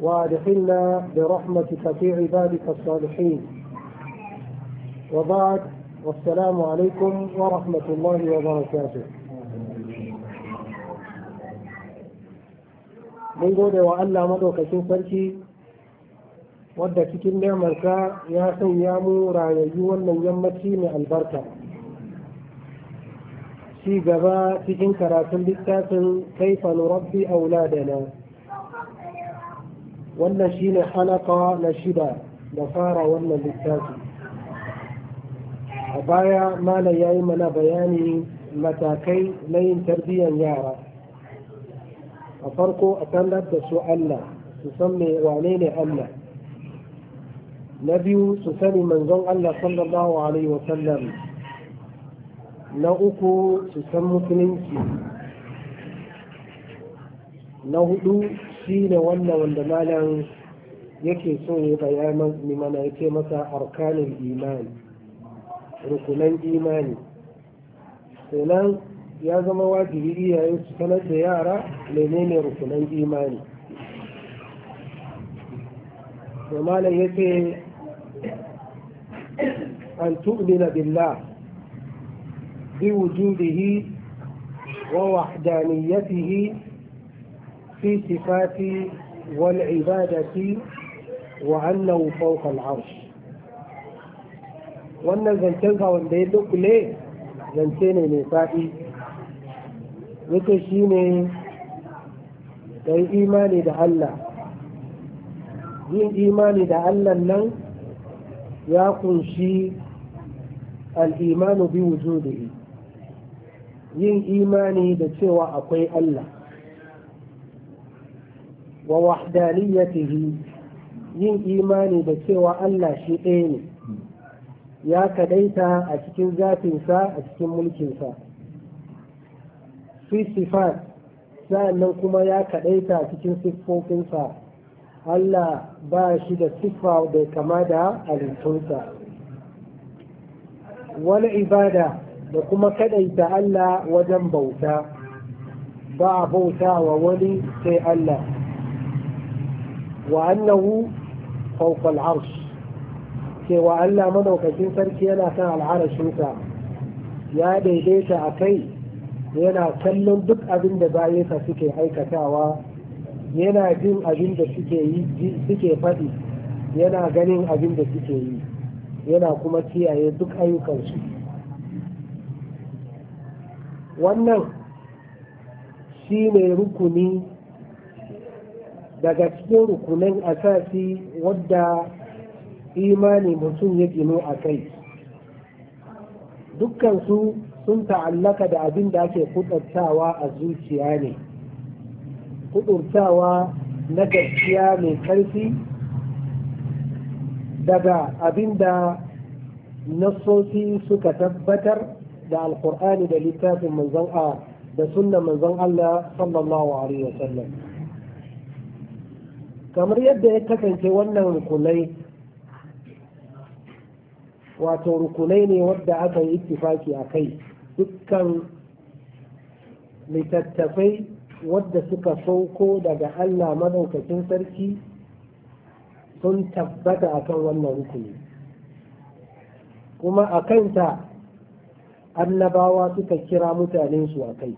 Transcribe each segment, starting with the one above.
وادخلنا برحمتك في عبادك الصالحين وبعد والسلام عليكم ورحمة الله وبركاته من قول وألا مدو كشن فرشي ودى كتن نعمل كا يا سيامو رايجو من يمتي من البركة شي قبا في كراسل كيف نربي أولادنا wannan shine halaka na shida da fara wannan littafi a baya malam ya yi mana bayani matakai na yin tarbiyyar yara a farko a sanar da su allah su san me wane ne allah na biyu su sani manzon allah sallallahu alaihi wasallam na uku su san musulunci na hudu shi ne wannan wanda malam yake so ya ni mana ya ce masa arkanin imani rukunan imani kenan ya zama wajibi iyaye su sanar da yara menene rukunan imani da malam ya ce an tu'mina billah bi wujudihi wa wahdaniyatihi في صفات والعبادة وأنه فوق العرش wannan zancensa wanda ya dukule zance ne mai faɗi yake shi ne da yi da Allah yin imani da Allah nan ya kunshi al'imanu bi wujudihi yin imani da cewa akwai Allah wa wahdaniyatihi yin imani da cewa Allah shi ɗaya ne ya kadaita a cikin zafinsa a cikin mulkinsa fi sifat sa'annan kuma ya kadaita a cikin siffofinsa Allah ba shi da siffa da kama da halittunsa wani ibada da kuma kadaita Allah wajen bauta ba a bauta wa wani sai Allah wa annahu fawqa al-arsh cewa Allah madaukakin sarki yana kan al'arashinsa ya daidaita a kai yana kallon duk abinda da suke aikatawa yana jin abinda da suke yi suke faɗi yana ganin abin da suke yi yana kuma kiyaye duk ayyukansu wannan shi ne rukuni daga cikin rukunin asasi wadda imani mutum ya gino a kai dukkansu sun ta'allaka da abin da ake kudurtawa a zuciya ne kudurtawa na gaskiya mai karfi daga abin da nassosi suka tabbatar da alkur'ani da littafin manzon a da sunna manzon Allah sallallahu alaihi wasallam kamar yadda ya kasance wannan rukunai wato rukunai ne wadda aka yi ittifaki a kai dukkan littattafai wadda suka sauko daga allah madaukakin sarki sun tabbata akan wannan rukuni kuma a kanta annabawa suka kira mutanensu a kai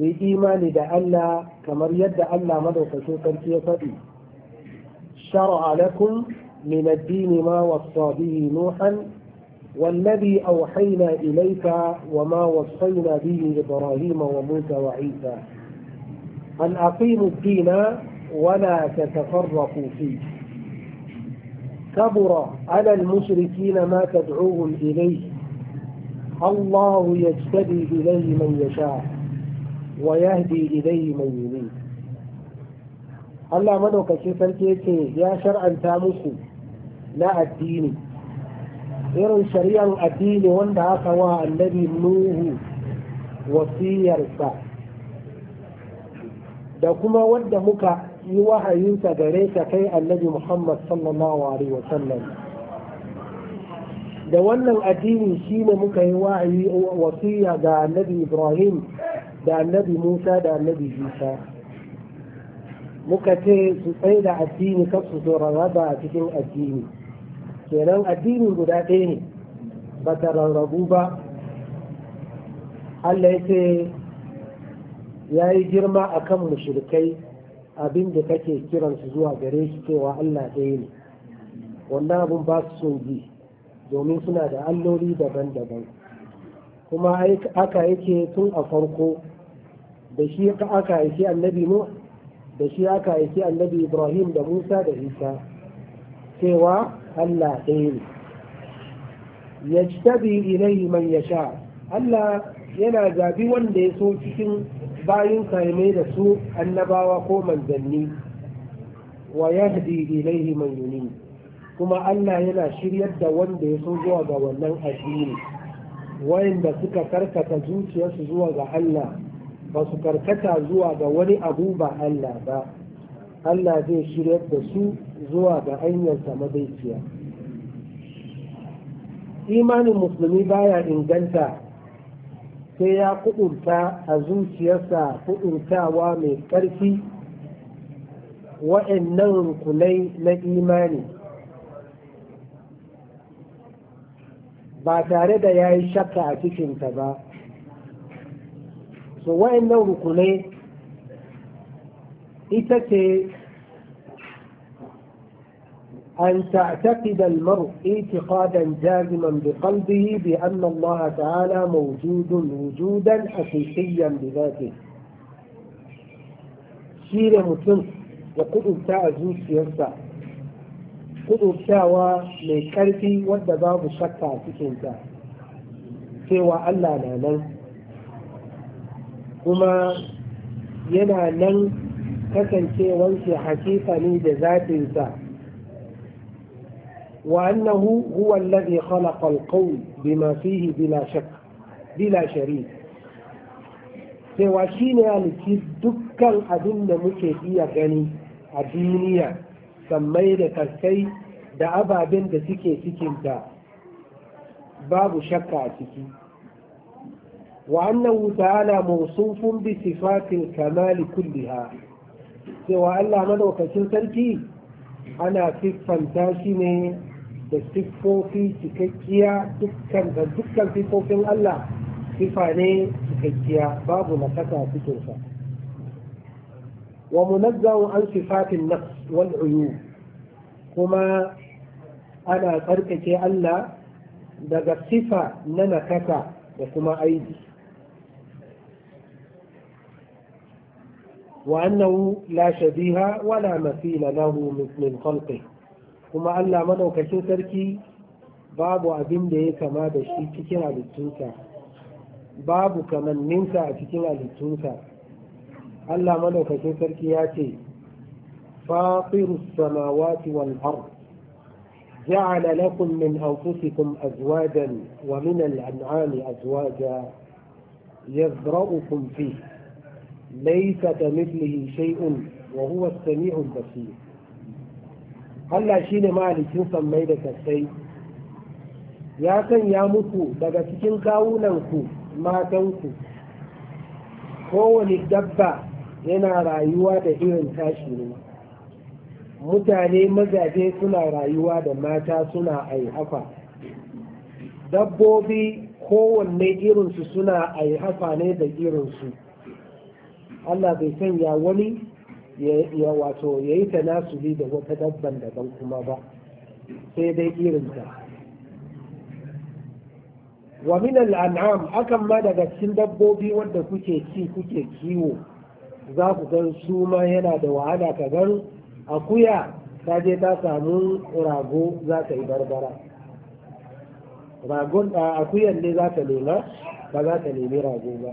su yi imani da Allah kamar yadda Allah madaukakin sarki ya faɗi shar'a lakum min ad-din ma wasa والذي أوحينا إليك وما وصينا به إبراهيم وموسى وعيسى أن أقيموا الدين ولا تتفرقوا فيه كبر على المشركين ما تدعوهم إليه الله يجتبي إليه من يشاء wa yahdi ilayhi man yunib Allah madaukakin sarki yake ya shar'anta musu na addini irin shari'ar addini wanda aka wa annabi nuhu wasiyarsa da kuma wanda muka yi wahayinsa gare ka kai annabi muhammad sallallahu alaihi da wannan addini shi ne muka yi wahayi wasiya ga annabi ibrahim da annabi musa da annabi isa muka ce su tsaye da addini kan su zo rarraba a cikin addini kenan addini guda ɗaya ne ba ta rarrabu ba allah ya ce ya yi girma a kan mushrikai abin da kake kiransu zuwa gare shi cewa allah ɗaya ne wannan abin ba su son ji domin suna da alloli daban-daban kuma aka yake tun a farko da shi aka yake annabi mu da shi aka yake annabi Ibrahim da Musa da Isa cewa Allah ɗaya ne tabi ilai man sha, Allah yana zabi wanda ya so cikin bayin kalmai da su annabawa ko manzanni wa yahdi ilai man yuni kuma Allah yana shiryar da wanda ya so zuwa ga wannan addini wayanda suka karkata zuciyarsu zuwa ga Allah ba su karkata zuwa ga wani abu ba Allah ba Allah zai shiryar da su zuwa ga hanyarsa madaiciya imanin musulmi baya inganta sai ya kuɗurta a zuciyarsa kuɗurtawa mai ƙarfi nan rukunai na imani ba tare da ya yi shakka a cikinta ba so wa'annan rukune ita ce an ta'taqida al-mar'u i'tiqadan jaziman bi qalbihi bi anna Allah ta'ala mawjudun wujudan haqiqiyyan bi dhati shi ne mutum ya kudu ta a zuciyarsa kudu cewa ne karfi wanda babu mu cikinta, cikin ta cewa Allah na nan kuma yana nan kasancewar shi hakika ne da zatin sa wa annahu huwa alladhi khalaqa alqawl bima bila shakk bila sharik cewa shi ne alici dukkan abin da muke iya gani a duniya sammai da kaskai da ababen da suke cikinta babu shakka a ciki wa annahu ta'ala mawsufun bi sifatil kamal kulliha cewa Allah madaukakin sarki ana fifanta shi ne da siffofi cikakkiya dukkan da Allah sifa ne cikakkiya babu nakasa cikin sa ومنزه عن صفات النفس والعيوب كما أنا تركك ألا دغ الصفة ننكك وكما أيدي وأنه لا شبيه ولا مثيل له من خلقه كما ألا منو كشو تركي باب أبين دي كما دشي كتنا للتوكا باب كمن منك أتكنا للتوكا Allah madaukakin sarki ya ce fatirus samawati wal ard جعل لكم من أنفسكم أزواجا ومن الأنعام أزواجا يزرأكم فيه ليس كمثله شيء وهو السميع البصير Allah shi ne mahalicin sammai da kasai ya sanya mutu daga cikin kawunanku matanku kowane dabba yana rayuwa da irin tashi ne mutane mazaje suna rayuwa da mata suna aihafa dabbobi kowanne irinsu suna hafa ne da irinsu Allah bai sanya wani ya wato ta yi tanasuli da wata dabban daban kuma ba sai dai irinta wa min an'am akan ma daga cikin dabbobi wadda kuke ci kuke kiwo za ku gan su ma yana da wahala ka gan akuya ta je ta samu rago za ta yi barbara ragon akuyan ne za ta nema ba za ta nemi rago ba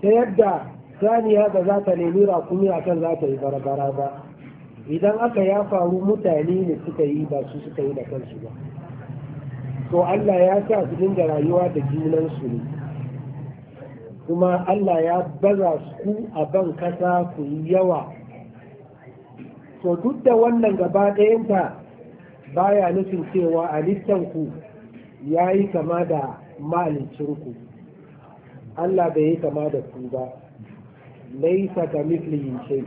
ta yadda saniya ba za ta nemi rakumi kan za ta yi barbara ba idan aka ya faru mutane ne suka yi ba su suka yi da kansu ba to Allah ya sa su dinga rayuwa da junansu ne kuma Allah ya baza ku a ban kasa ku yi yawa to duk da wannan gaba ɗayanta baya nufin cewa a ku ya yi kama da ku. Allah bai yi kama da ku ba laisa ka mislihin shai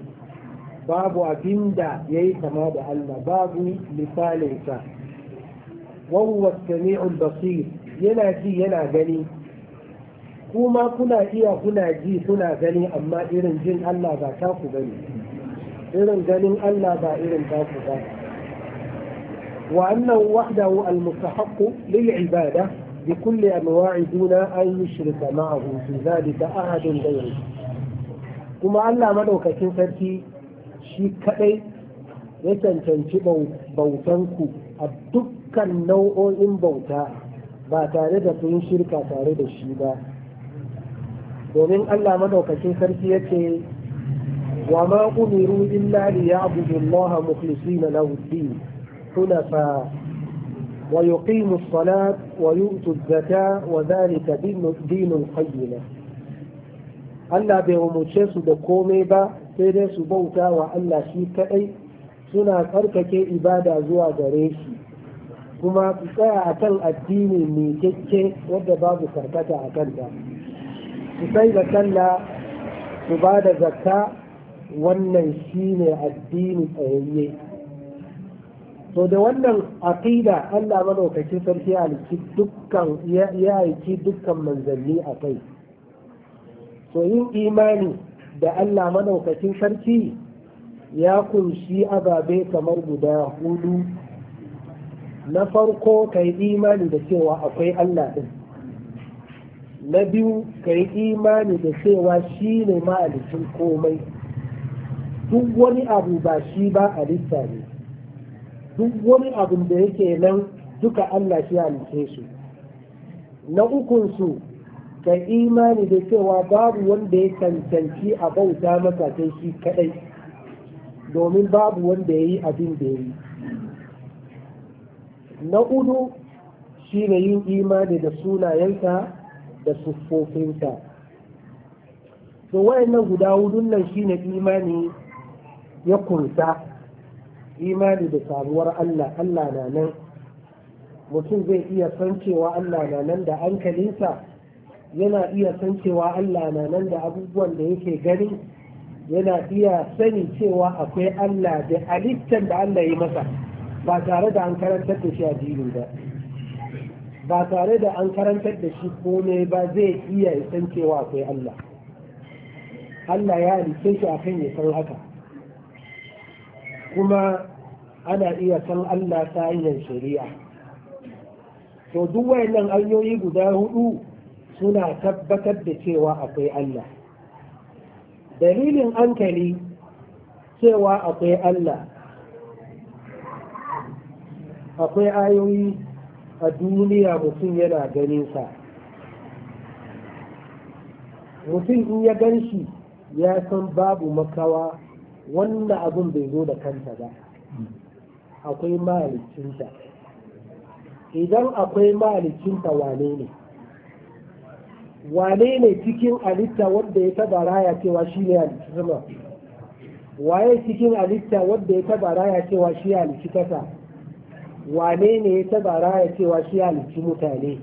babu abinda ya yi kama da Allah babu misalinsa wawan sami'un basir yana ji yana gani kuma kuna iya kuna ji kuna gani amma irin jin Allah ba taku bane irin ganin Allah ba irin taku ba wa annahu wahdahu al-mustahiq lil ibada bi kulli anwa'i duna an yushrika ma'ahu fi zalika ahadun ghayru kuma Allah madaukakin sarki shi kadai ya cancanci bautan ku a dukkan nau'o'in bauta ba tare da sun shirka tare da shi ba domin Allah madaukakin sarki yace wa ma umiru illa liya'budu Allah mukhlisina lahu ad-din hunafa wa yuqimu as wa yu'tu az-zakata wa dhalika dinul qayyim Allah bai umurce su da komai ba sai dai su bauta wa Allah shi kadai suna tsarkake ibada zuwa gare shi kuma su tsaya akan addini mai kyakke wadda babu karkata a kanta. sai da sallah su ba da zakka wannan shine addini tsayayye to da wannan aqida Allah madaukakin sarki ya dukkan ya aiki dukkan manzanni a kai to yin imani da Allah madaukakin sarki ya kunshi ababe kamar guda hudu na farko kai imani da cewa akwai Allah din na biyu ka yi imani da cewa shi ne ma'alicin komai duk wani abu ba shi ba halitta ne duk wani abu da yake nan duka Allah shi halitta su na ukunsu ka imani da cewa babu wanda ya cancanci a bauta masa sai shi kadai domin babu wanda ya yi abin da ya yi na udu shi ne yin imani da sunayensa da siffofinsa to nan guda hudun nan shine imani ya kunsa imani da samuwar Allah Allah na nan mutum zai iya san cewa Allah na nan da hankalinsa yana iya san cewa Allah na nan da abubuwan da yake gani yana iya sani cewa akwai Allah da halittar da Allah ya masa ba tare da an karantar da shi addini ba ba tare da an karantar da shi komai ba zai iya san cewa akwai Allah Allah ya rike shi akan ya san haka kuma ana iya san Allah ta hanyar shari'a to duk wayannan hanyoyi guda hudu suna tabbatar da cewa akwai Allah dalilin hankali cewa akwai Allah akwai ayoyi a duniya mutum yana ganin sa mutum in ya gan shi ya san babu makawa wannan abin bai zo da kanta ba akwai mahalicinta idan akwai mahalicinta wane ne wane ne cikin alitta wadda ya taba raya cewa shi ne halittu sama waye cikin alitta wadda ya taba raya cewa shi halittu kasa wane ne ya taba raya cewa shi halicci mutane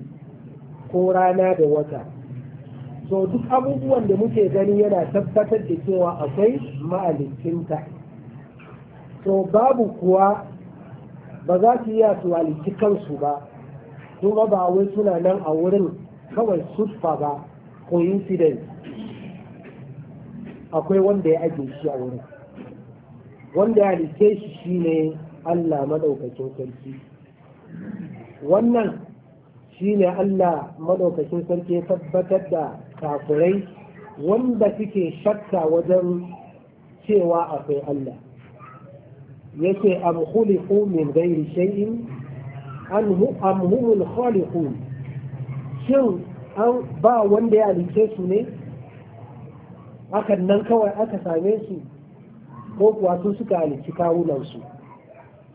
ko rana da wata so duk abubuwan da muke gani yana tabbatar da cewa akwai ma'alicinta so babu kuwa ba za su iya su halicci kansu ba kuma ba wai suna nan a wurin kawai sufa ba coincidence akwai wanda ya ajiye shi a wurin wanda ya halicce shi shine Allah madaukakin sarki wannan shine Allah madaukakin sarki ya tabbatar da kafurai wanda suke shakka wajen cewa akwai Allah yake am khuliqu min ghairi shay'in anhu am humul shin an ba wanda ya halice su ne hakan nan kawai aka same su ko kuwa su suka halici kawunansu su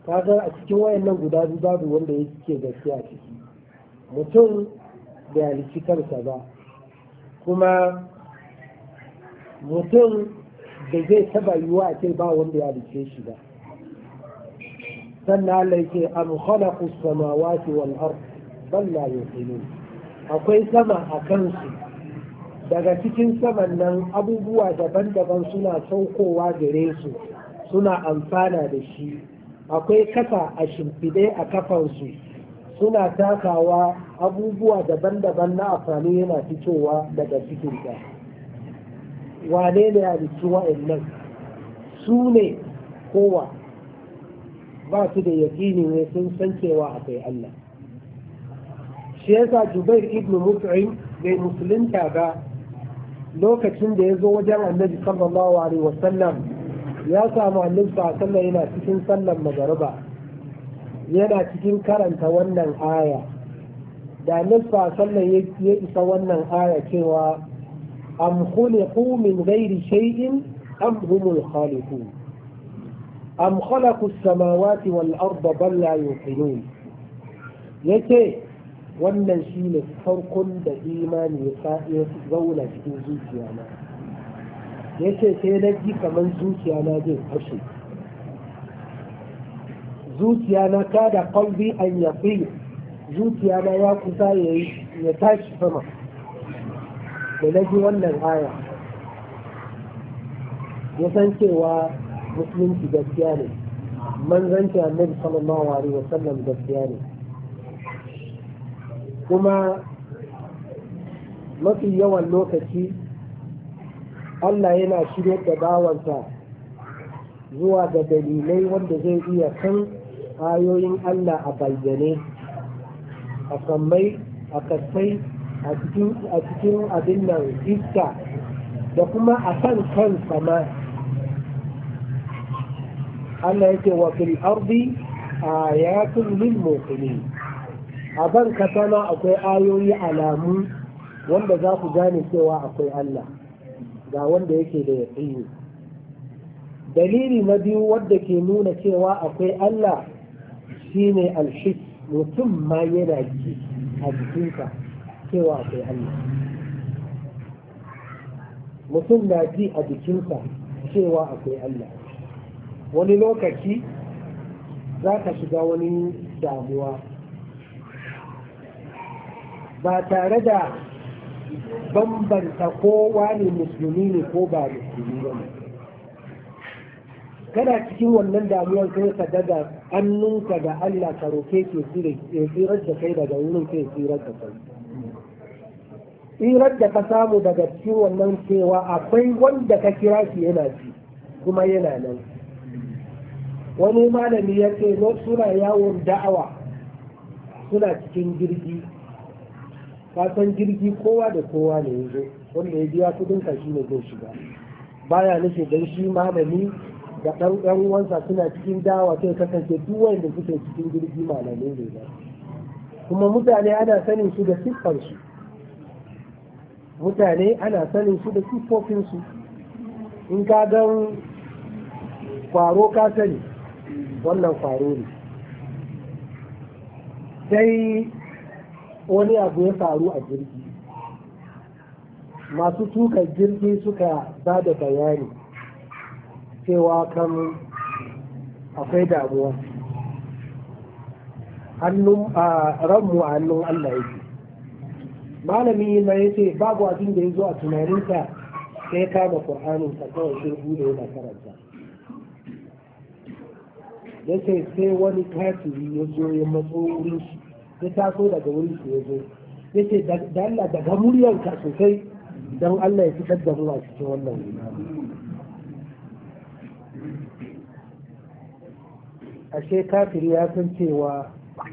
kaga a cikin wayannan guda biyu babu wanda yake gaskiya ciki mutum bai halici kansa ba kuma mutum da zai taba yiwa a ce ba wanda ya halice shi ba sannan Allah yake am khalaqu samawati wal ard bal la yuqinun akwai sama a kansu daga cikin saman nan abubuwa daban-daban suna saukowa gare su suna amfana da shi akwai kasa a shimfide a kafansu suna takawa abubuwa daban-daban na amfani yana fitowa daga cikin ta wane ne a nan? su ne kowa ba su da yaƙini ne sun san cewa akwai Allah shi yasa Jubair ibn Mut'im bai musulunta ba lokacin da ya zo wajen annabi sallallahu alaihi wasallam ya samu annabi sallan yana cikin sallan magariba yana cikin karanta wannan aya da annabi sallan ya isa wannan aya cewa am khuliqu min ghairi shay'in am humul khaliqun am khalaqu as-samawati wal arda bal la yuqinun yace wannan shine farkon da imani ya zauna cikin zuciya na ya ce sai na ji kamar zuciya na zai fashe zuciya na ta da kwalbi an yafi zuciya na ya kusa ya tashi sama da na ji wannan aya ya san cewa musulunci gaskiya ne manzanci annabi sallallahu alaihi sallam gaskiya ne kuma mafi yawan lokaci Allah yana shirya da bawansa zuwa ga dalilai wanda zai iya kan ayoyin Allah a bayyane a kammai, a kasai a cikin abin nan iska da kuma a kan kan sama Allah yake wa fil ardi ayatun lil muqinin a ban kasana akwai ayoyi alamu wanda za ku gane cewa akwai Allah ga wanda yake da yaƙini dalili na biyu wadda ke nuna cewa akwai Allah shine alshik mutum ma yana ji a jikinsa cewa akwai Allah mutum na ji a jikinsa cewa akwai Allah wani lokaci za ka shiga wani damuwa ba tare da bambanta kowa ne musulmi ne ko ba musulmi ba ne kana cikin wannan damuwar sai ka daga hannunka da Allah ka roke ke tsirar da kai daga wurin kai tsirar da kai tsirar da ka samu daga cikin wannan cewa akwai wanda ka kira shi yana ji kuma yana nan wani malami ya ce suna yawon da'awa suna cikin jirgi ka san jirgi kowa da kowa ne yanzu wanda ya biya kudin ka shi ne zai shiga baya nufi don shi malami da ɗan ɗan uwansa suna cikin dawa sai kasance duk wanda suke cikin jirgi malamai ne ba kuma mutane ana sanin su da siffarsu mutane ana sanin su da siffofinsu in ka gan kwaro ka sani wannan kwaro ne sai wani abu ya faru a jirgi masu tuka jirgi suka ba da bayani cewa kan akwai damuwa hannun a ranmu a hannun Allah yake malami na ya ce babu abin da ya zo a tunaninsa sai ya kama ƙur'anin sa kawai shirgu da yana karanta ya ce sai wani kafiri ya zo ya matso wurin shi ya taso daga wurin su ya zo ya ce da Allah daga muryarka sosai don Allah ya fitar da ruwa cikin wannan a kafiri ya san cewa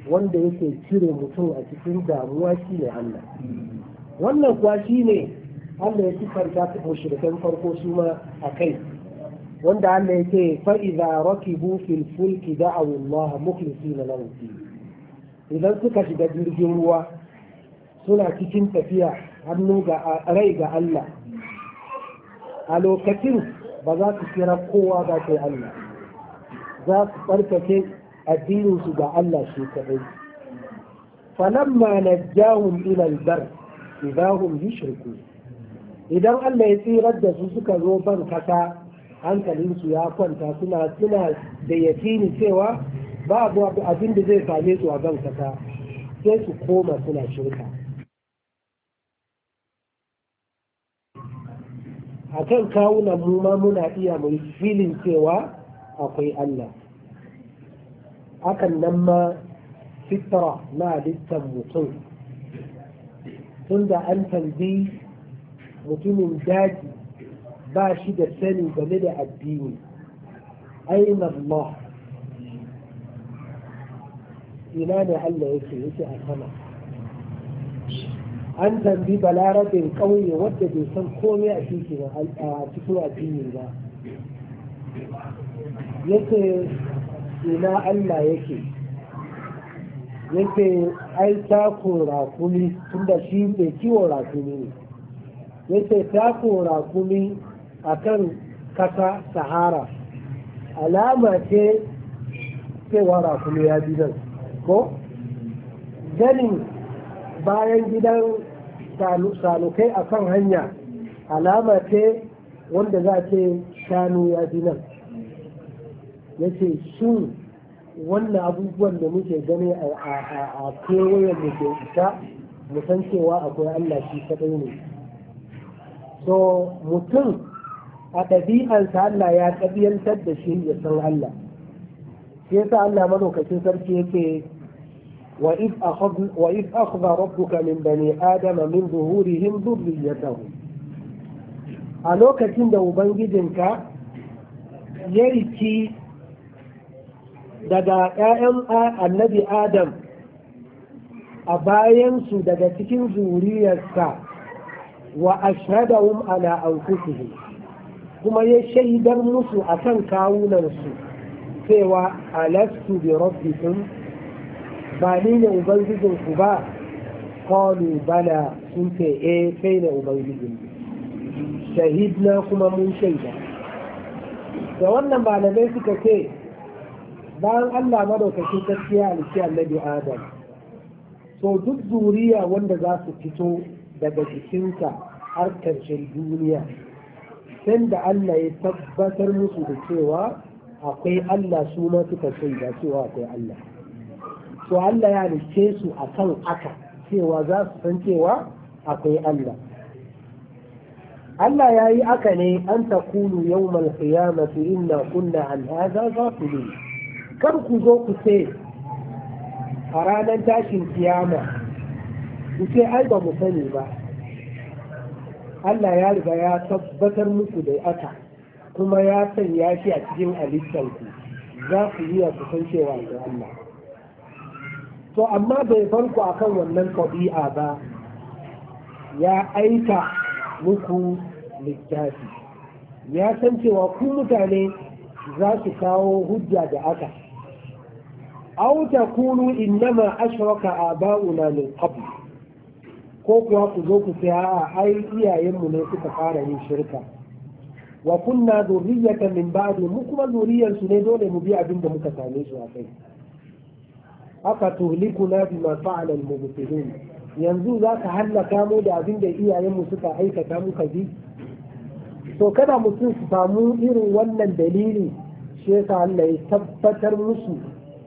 wanda yake cire mutum a cikin damuwa shi ne Allah wannan kuwa shi ne Allah ya da sifanta mushrikan farko su ma a kai wanda Allah ya ce Fa'iza, idza rakibu fil fulki da'u Allah mukhlisina na din idan suka shiga jirgin ruwa suna cikin tafiya hannu ga rai ga Allah a lokacin ba za su kira kowa ba sai Allah za su tsarkake addininsu ga Allah shi kaɗai falamma najjahum ila albar yi shirku. idan Allah ya tsirar da su suka zo ban kasa hankalinsu ya kwanta suna suna da yakini cewa Ba babu abin da zai same su a zan kasa sai su koma suna shirka a kan kawunan mu ma muna iya mai filin cewa akwai Allah akan nan ma fitra na halittar mutum tunda an tambi mutumin daji ba shi da sani game da addini ainihin Allah ina ne Allah yake yake a sama an tambi balarabin ƙauye wadda bai san komai a cikin a cikin addini ba yake ina Allah yake yake ai tako rakumi tunda shi mai kiwon rakumi ne yake tako rakumi akan kasa sahara alama ce cewa rakumi ya bi nan ko ganin bayan gidan salukai a kan hanya alama ce wanda za ce shanu ya fi nan ya ce su wannan abubuwan da muke gani a kewayen da ke isa musan cewa akwai Allah shi kaɗai ne so mutum a ɗabi'ansa Allah ya ƙabiyantar da shi ya san Allah shi yasa Allah madaukakin sarki yake wa if akhadha rabbuka min bani adama min zuhurihim dhurriyyatahum a lokacin da ubangijinka ya riki daga ‘ya'yan annabi Adam a bayansu daga cikin zuriyarsa wa ashadahum ala anfusihim kuma ya shaidar musu akan kawunansu cewa alastu bi rabbikum ba ni ne ubangijin ku ba qalu bala sun ce eh kai ne ubangijin shahidna kuma mun shaida da wannan malamai suka ce bayan Allah madaukakin gaskiya alki annabi Adam to duk zuriya wanda za su fito daga jikinsa har karshen duniya sanda Allah ya tabbatar musu da cewa akwai Allah su ma suka da cewa akwai Allah to Allah ya rike su akan aka cewa za su san cewa akwai Allah Allah ya yi aka ne an ta kulu yau malfiyamatu inna kunna an haza za ku ne kar ku zo ku ce a ranar tashin kiyama ku ce ai ba mu sani ba Allah ya riga ya tabbatar muku da aka kuma ya sanya shi a cikin halittanku za ku yi ku san cewa da Allah to amma bai farko akan wannan a ba ya aika muku littafi ya san cewa ku mutane za su kawo hujja da aka aw takunu innama ashraka aba'una min qabl ko kuwa ku zo ku ce a'a ai iyayenmu ne suka fara yin shirka wa kunna zurriyatan min ba'di mu kuma zuriyar su ne dole mu bi abin da muka same su a kai aka tuhlikuna bima fa'ala al-mubtilun yanzu za ka hallaka mu da abin da iyayenmu suka aikata muka bi to kada mutum su samu irin wannan dalili shi Allah ya tabbatar musu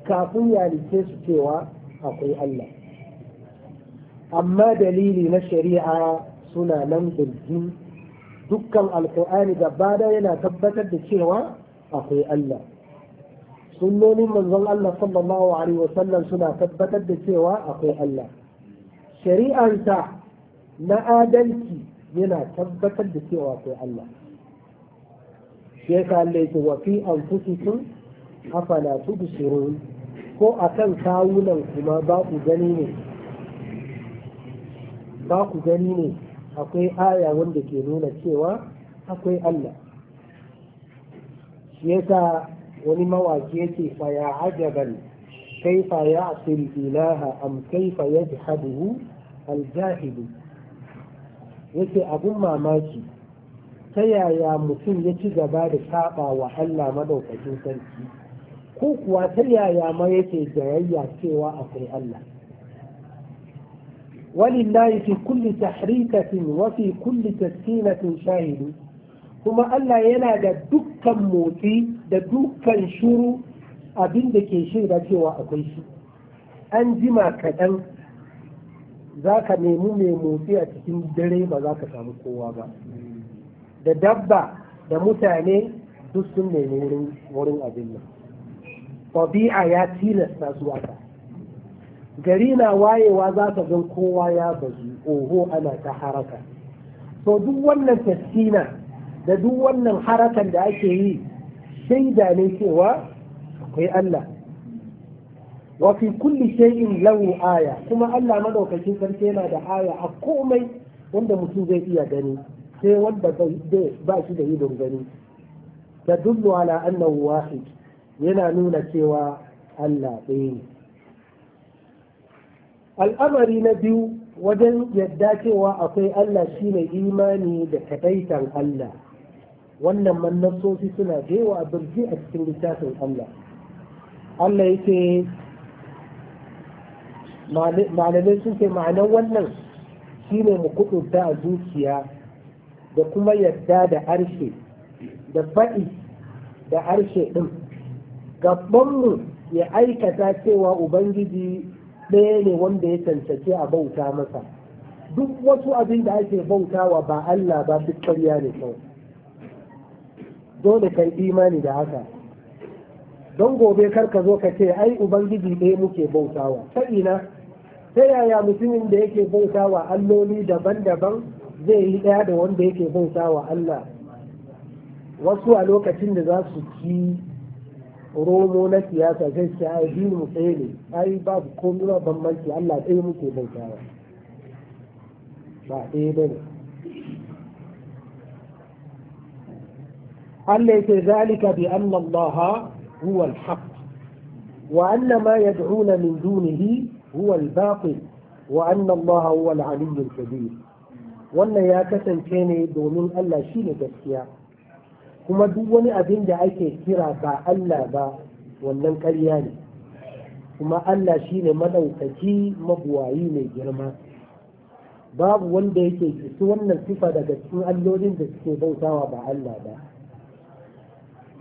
kafin ya lice su cewa akwai Allah amma dalili na shari'a suna nan birjin dukkan alkur'ani gaba da yana tabbatar da cewa akwai Allah sunnonin manzon Allah sallallahu alaihi wasallam suna tabbatar da cewa akwai Allah shari'anta na adalci yana tabbatar da cewa akwai Allah shi yasa Allah yake wa fi anfusikum afala tubsirun ko akan kawunan kuma ba ku gani ne ba ku gani ne akwai aya wanda ke nuna cewa akwai Allah shi yasa wani mawaki yake fa ya ajaban kaifa ya'til ilaha am kaifa yajhaduhu al-jahidu yake abin mamaki ta yaya mutum ya ci gaba da saba wa Allah madaukakin sarki ko kuwa ta yaya ma yake jayayya cewa akwai Allah ولله في كل تحريكة وفي كل تسكينة شاهد كما ألا ينا دكا موتي دكا شرو abin da ke shaida cewa akwai shi an jima kaɗan za ka nemi mai motsi a cikin dare ba za ka samu kowa ba da dabba da mutane duk sun nemi wurin abin nan ɗabi'a ya tilasta su haka gari na wayewa za ta gan kowa ya bazu oho ana ta haraka to duk wannan tafsina da duk wannan harakan da ake yi shaida ne cewa akwai Allah wa fi kulli shay'in lahu aya kuma Allah madaukakin sarki yana da aya a komai wanda mutum zai iya gani sai wanda ba shi da idon gani tadullu ala annahu wahid yana nuna cewa Allah ɗaya ne al'amari na biyu wajen yadda cewa akwai Allah shi ne imani da kaɗaitan Allah wannan mannasosi suna da a birji a cikin littafin Allah Allah yake malamai sun ce ma'anar wannan shi ne mu kudurta a zuciya da kuma yadda da harshe da faɗi da harshe ɗin gabanmu ya aikata cewa ubangiji ɗaya ne wanda ya cancanci a bauta masa duk wasu abin da ake bautawa ba Allah ba duk ƙarya ne kawai dole kai imani da haka don gobe kar ka zo ka ce ai ubangiji ɗaya muke bautawa ta ina ta yaya mutumin da yake bautawa alloli daban-daban zai yi ɗaya da wanda yake bautawa Allah wasu a lokacin da za su ci romo na siyasa gaskiya ai biyu mu tsaye ne ai babu komai ba bambanci Allah ɗaya muke bauta ba ba ɗaya ba ne Allah yake zalika bi anna Allah huwa al-haq wa anna ma yad'una min dunihi huwa al-batil wa anna Allah huwa al-'aliyyul kabir wannan ya kasance ne domin Allah shine gaskiya kuma duk wani abin da ake kira ba Allah ba wannan ƙarya ne kuma Allah shi ne maɗaukaki mabuwayi mai girma babu wanda yake kisu wannan sifa daga cikin allolin da suke bautawa ba Allah ba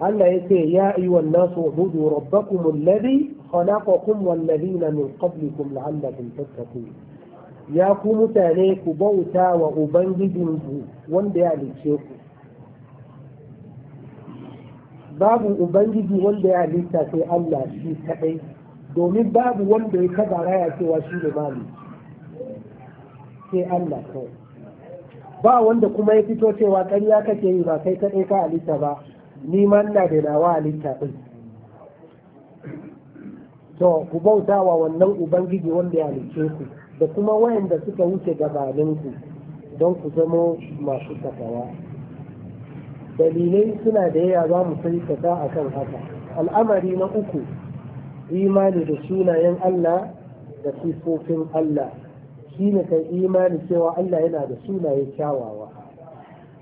Allah ya ce ya yi wannan su hudu rabbakum alladhi khalaqakum walladhina min qablikum la'allakum tattaqun ya ku mutane ku bauta wa ubangijinku wanda ya halicce ku babu ubangiji wanda ya halitta sai Allah shi kadai domin babu wanda ya taba raya cewa shi ne mali sai Allah kawai ba wanda kuma ya fito cewa ƙarya kake yi ba kai kadai ka halitta ba ni ma ina da nawa halitta din to ku bauta wa wannan ubangiji wanda ya halicce ku da kuma wayanda suka wuce gabaninku don ku zamo masu takawa. dalilai suna da yaya za mu sai kasa a kan haka al'amari na uku imani da sunayen Allah da sifofin Allah shi ne kai imani cewa Allah yana da sunaye kyawawa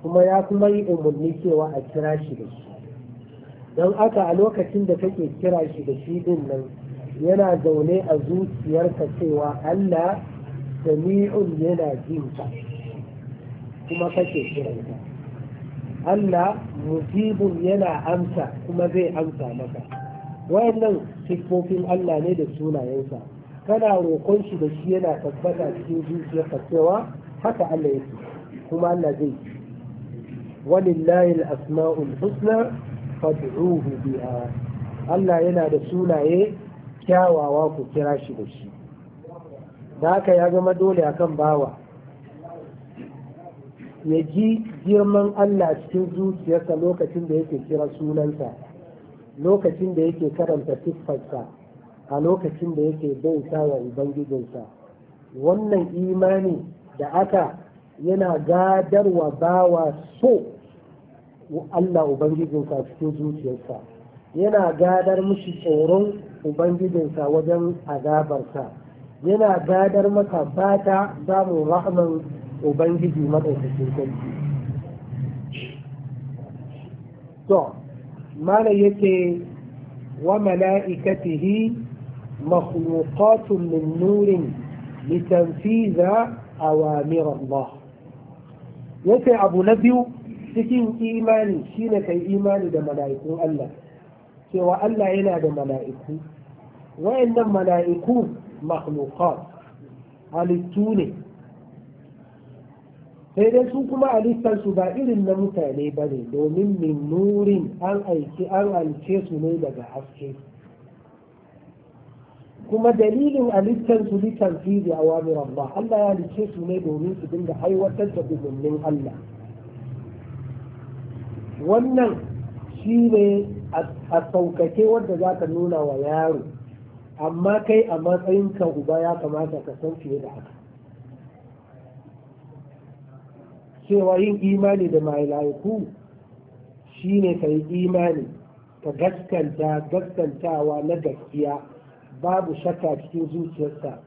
kuma ya kuma yi umarni cewa a kira shi da shi don haka a lokacin da kake kira shi da shi din nan yana zaune a zuciyarka cewa Allah sami'un yana jinka kuma kake kiranta. Allah mutibun yana amsa kuma zai amsa maka wayannan siffofin Allah ne da sunayensa kana roƙon shi da shi yana tabbata cikin zuciyarka cewa haka Allah yake kuma Allah zai walillahi al-asma'ul husna fad'uhu biha Allah yana da sunaye kyawawa ku kira shi da shi da haka ya zama dole akan bawa ya ji girman Allah cikin zuciyarsa lokacin da yake kira sunansa lokacin da yake karanta siffarsa a lokacin da yake bauta wa ubangijinsa wannan imani da aka yana gadarwa bawa so Allah ubangijinsa cikin zuciyarsa yana gadar mushi tsoron ubangijinsa wajen azabarsa yana gadar maka bata samun rahman ubangiji maɗaukakin sarki to malam yake wa mala'ikatihi makhluqatun min nurin litanfiza awamir Allah yake abu na biyu cikin imani shine kai imani da mala'ikun Allah cewa Allah yana da mala'iku wayannan mala'iku makhluqat halittu ne sai dai su kuma a listansu ba irin na mutane ba ne domin min nurin an aiki an alice su ne daga haske kuma dalilin a listansu su fiye a awamir rabba, Allah ya alice su ne domin su dinga aiwatar da umarnin Allah wannan shi ne a saukake wadda za ka nuna wa yaro amma kai a matsayinka uba ya kamata ka san fiye da haka cewa yin imani da mala'iku shine ka yi imani ka gaskanta gaskantawa na gaskiya babu shakka cikin zuciyarsa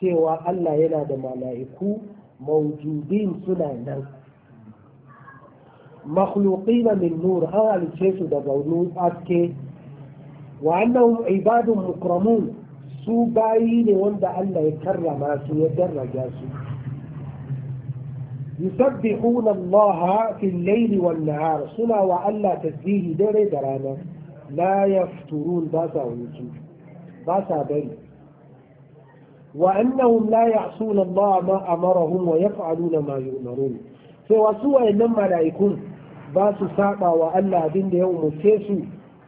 cewa Allah yana da mala'iku maujudin suna nan na min nur an halice su daga nur aske Wannan ibadun mukramun su bayi ne wanda Allah ya karrama su ya darraja su yusabbihuna Allah fi al-layli wan nahar suna wa Allah tasbihi dare da rana la yafturun ba sa bari wa annahum la ya'suna Allah ma amarahum wa yaf'aluna ma yu'marun sai wasu wayannan mala'ikun ba su saba wa Allah abin da ya umurce su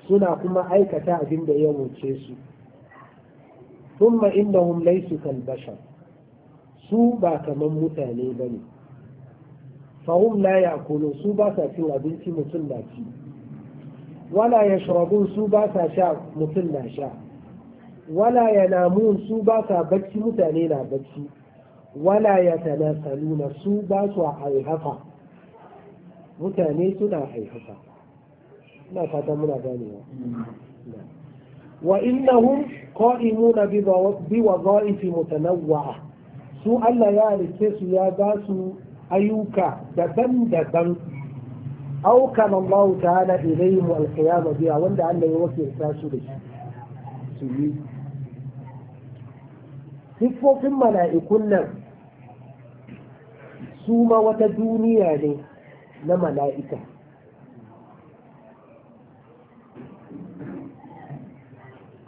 suna kuma aikata abin da ya wuce su ثم إنهم ليسوا كالبشر su ba kaman mutane ba ne fahim la ya kulu su ba sa cin abinci mutum na ci wala ya shrabu su ba sa sha mutum na sha wala ya namun su ba sa bacci mutane na bacci wala ya tanasaluna su ba su haihafa mutane suna haihafa ina fata muna ganewa wa innahum qa'imuna bi wadha'ifi mutanawwa'a su Allah ya rike su ya ba su ayyuka daban-daban aukan Allah ta'ala ilayhim al biya wanda Allah ya wakilta su da su yi siffofin mala'ikun nan su ma wata duniya ne na mala'ika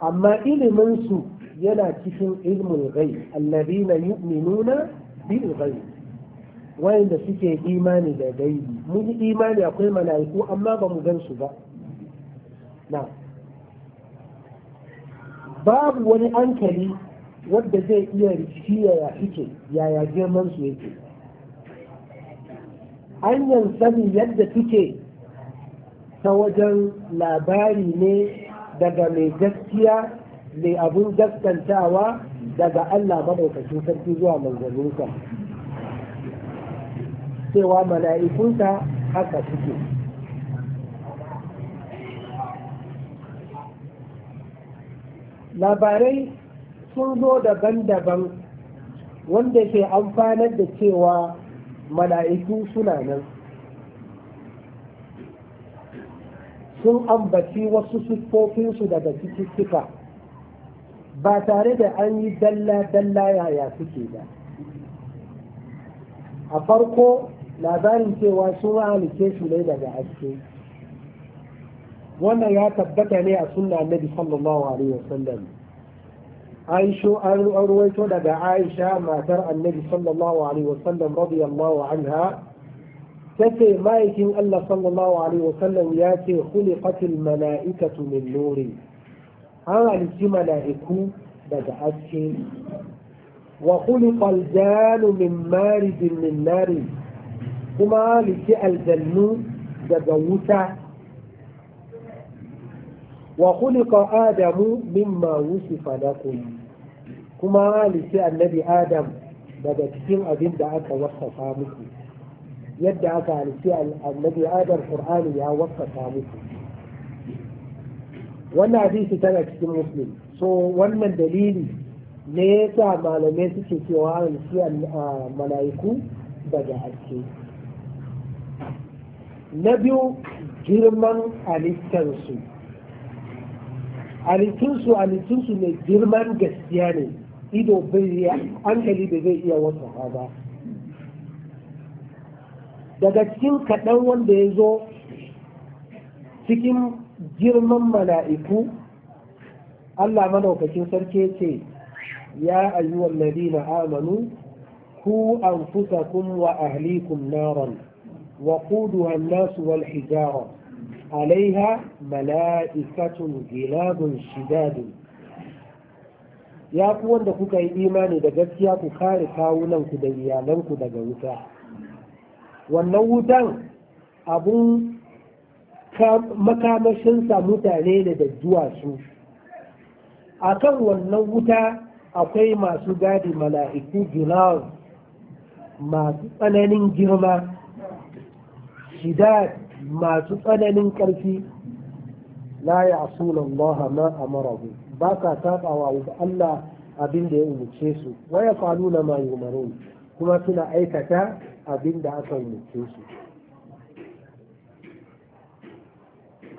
amma iliminsu yana cikin ilmin gai allazina yu'minuna bil ghaib wayanda suke imani da gaibi mun yi imani akwai mala'iku amma ba mu gansu ba na babu wani hankali wanda zai iya rikici yaya suke yaya girman su yake anyan sani yadda suke ta wajen labari ne daga mai gaskiya mai abun gaskantawa daga Allah maɗaukacin sarki zuwa manzanninsa. cewa mala'ikunta haka suke labarai sun zo daban-daban wanda ke amfanar da cewa mala'iku suna nan sun ambaci wasu siffofinsu daga cututtuka ba tare da an yi dalla-dalla yaya suke ba a farko labarin cewa su sun halice su ne daga aske wannan ya tabbata ne a sunna annabi sallallahu alaihi wasallam aisho an ruwaito daga aisha matar annabi sallallahu alaihi wasallam radiyallahu anha tace ma'aikin Allah sallallahu alaihi wasallam ya ce khuliqatil mala'ikatu min nuri an halici mala'iku daga aske wa khuliqal jalu min marijin min nari kuma liki aljannu daga wuta wa khuliqa adamu mimma wusifa lakum kuma liki annabi adam daga cikin abin da aka wasafa muku yadda aka halitti annabi adam qur'ani ya wasafa muku wannan hadisi tana cikin muslim so wannan dalili ne yasa malamai suke cewa halitti ah, mala'iku daga ake na biyu girman halittarsu alitinsu alitinsu mai girman gaskiya ne ido bai ya? hankali da zai iya wata ba daga cikin kaɗan wanda ya zo cikin girman mala'iku Allah madaukakin sarki ce ya ayyuwan na amanu ku an anfusakum wa ahlikum naran وقودها الناس والحجارة عليها ملائكة غلاب شداد ya ku wanda kuka yi imani da gaskiya ku kare kawunanku da iyalanku daga wuta wannan wutan abun makamashinsa mutane ne da duwatsu a kan wannan wuta akwai masu gadi mala'iku gilawan masu tsananin girma shidad masu tsananin ƙarfi la ya asuna Allah ma marabu. ba ka taɓawa wa Allah abin da ya umarce su wa ya na ma yumaru kuma suna aikata abin da aka umarce su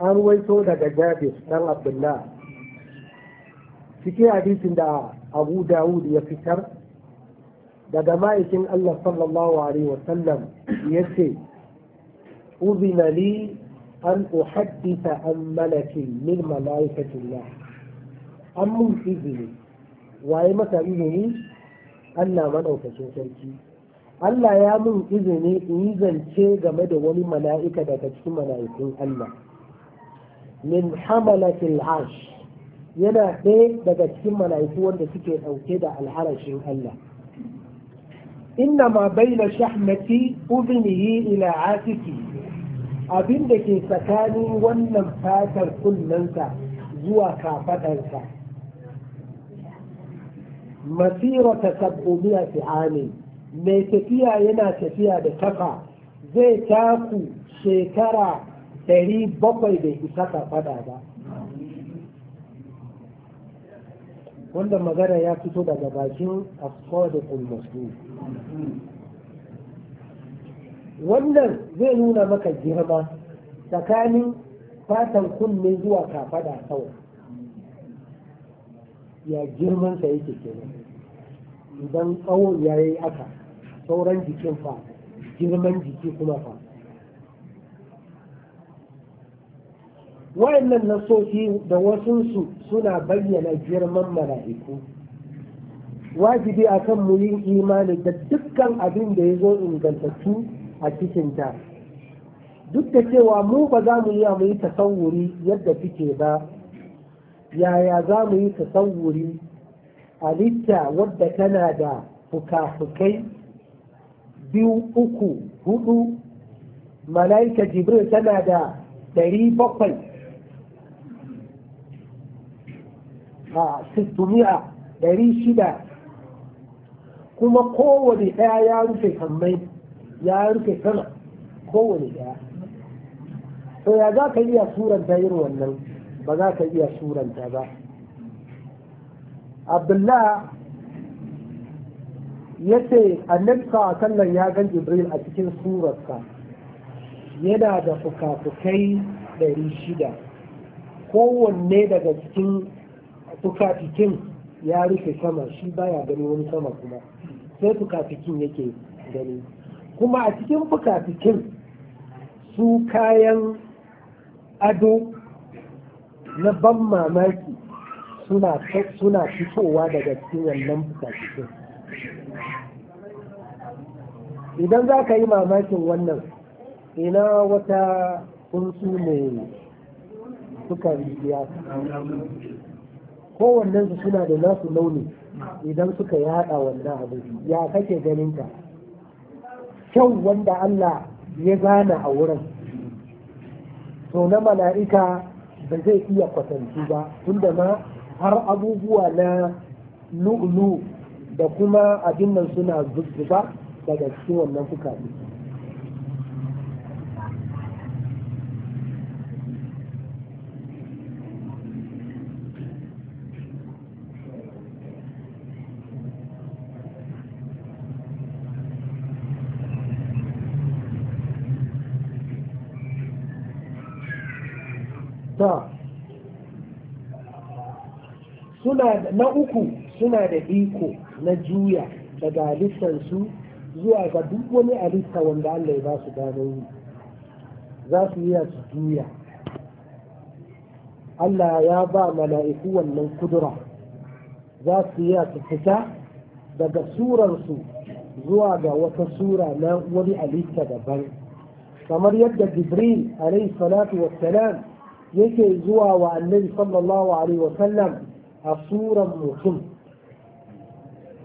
an waito daga Jabir dan Abdullah cikin hadisin da Abu Dawud ya fitar daga ma'aikin Allah sallallahu alaihi wa sallam ya ce أذن لي أن أحدث عن ملك من ملائكة الله أم إذني waye maka izini Allah maɗaukacin sarki Allah ya mun izini in yi zance game da wani mala'ika daga cikin mala'ikun Allah min hamalatil arsh yana ɗaya daga cikin mala'iku wanda suke ɗauke da alharashin Allah inna ma na shahmati ubnihi ila atiki abin da ke tsakanin wannan fatar kunnensa zuwa kafadarsa masira ta fi ame mai tafiya yana tafiya da kafa zai taku shekara ɗari bakwai da isa kafaɗa ba Wanda magana ya fito daga bakin asfodin masu wannan zai nuna maka girma tsakanin fatan kunne zuwa kafada kawai ya sa yake kenan idan tsawon ya yi aka sauran jikin fa girman jiki kuma fa wayannan nasoshi da wasunsu suna bayyana girman mala'iku wajibi akan mu yin imani da dukkan abin da ya zo ingantattu a cikinta duk da cewa mu ba za mu yi mu yi tasawuri yadda suke ba yaya za mu yi tasawuri halitta wadda tana da fuka-fukai biyu uku hudu mala'ika jibril tana da ɗari bakwai a sistumiya ɗari shida kuma kowane ɗaya ya rufe kammai ya rufe sama kowane daya to ya za ka iya suranta yin wannan ba za ka iya suranta ba abdullah ya ce annabi sallan ya ga jibril a cikin surarsa yana da fuka-fukai ɗari shida kowanne daga cikin fuka-fikin ya rufe sama shi baya gani wani sama kuma sai fuka-fikin yake gani kuma a cikin fukafikin su kayan ado na ban mamaki suna fitowa daga cikin wannan fukafikin idan za ka yi mamakin wannan ina wata kunsu mai suka rijiya kowannen su suna da nasu launi idan suka haɗa wannan abu ya kake ganin ka kyau wanda Allah ya gane a wurin to na mala'ika ba zai iya kwatanci ba tunda ma har abubuwa na lu'lu da kuma abin nan suna zuzzuba daga cikin wannan fuka ta na uku suna da iko na juya daga halittarsu zuwa ga duk wani halitta wanda Allah ya ba su gano yi za su yi su juya Allah ya ba mala'iku wannan kudura za su yi su fita daga surarsu zuwa ga wata sura na wani halitta daban kamar yadda jibril alayhi salatu wassalam yake zuwa wa annabi sallallahu alaihi wasallam a suran mutum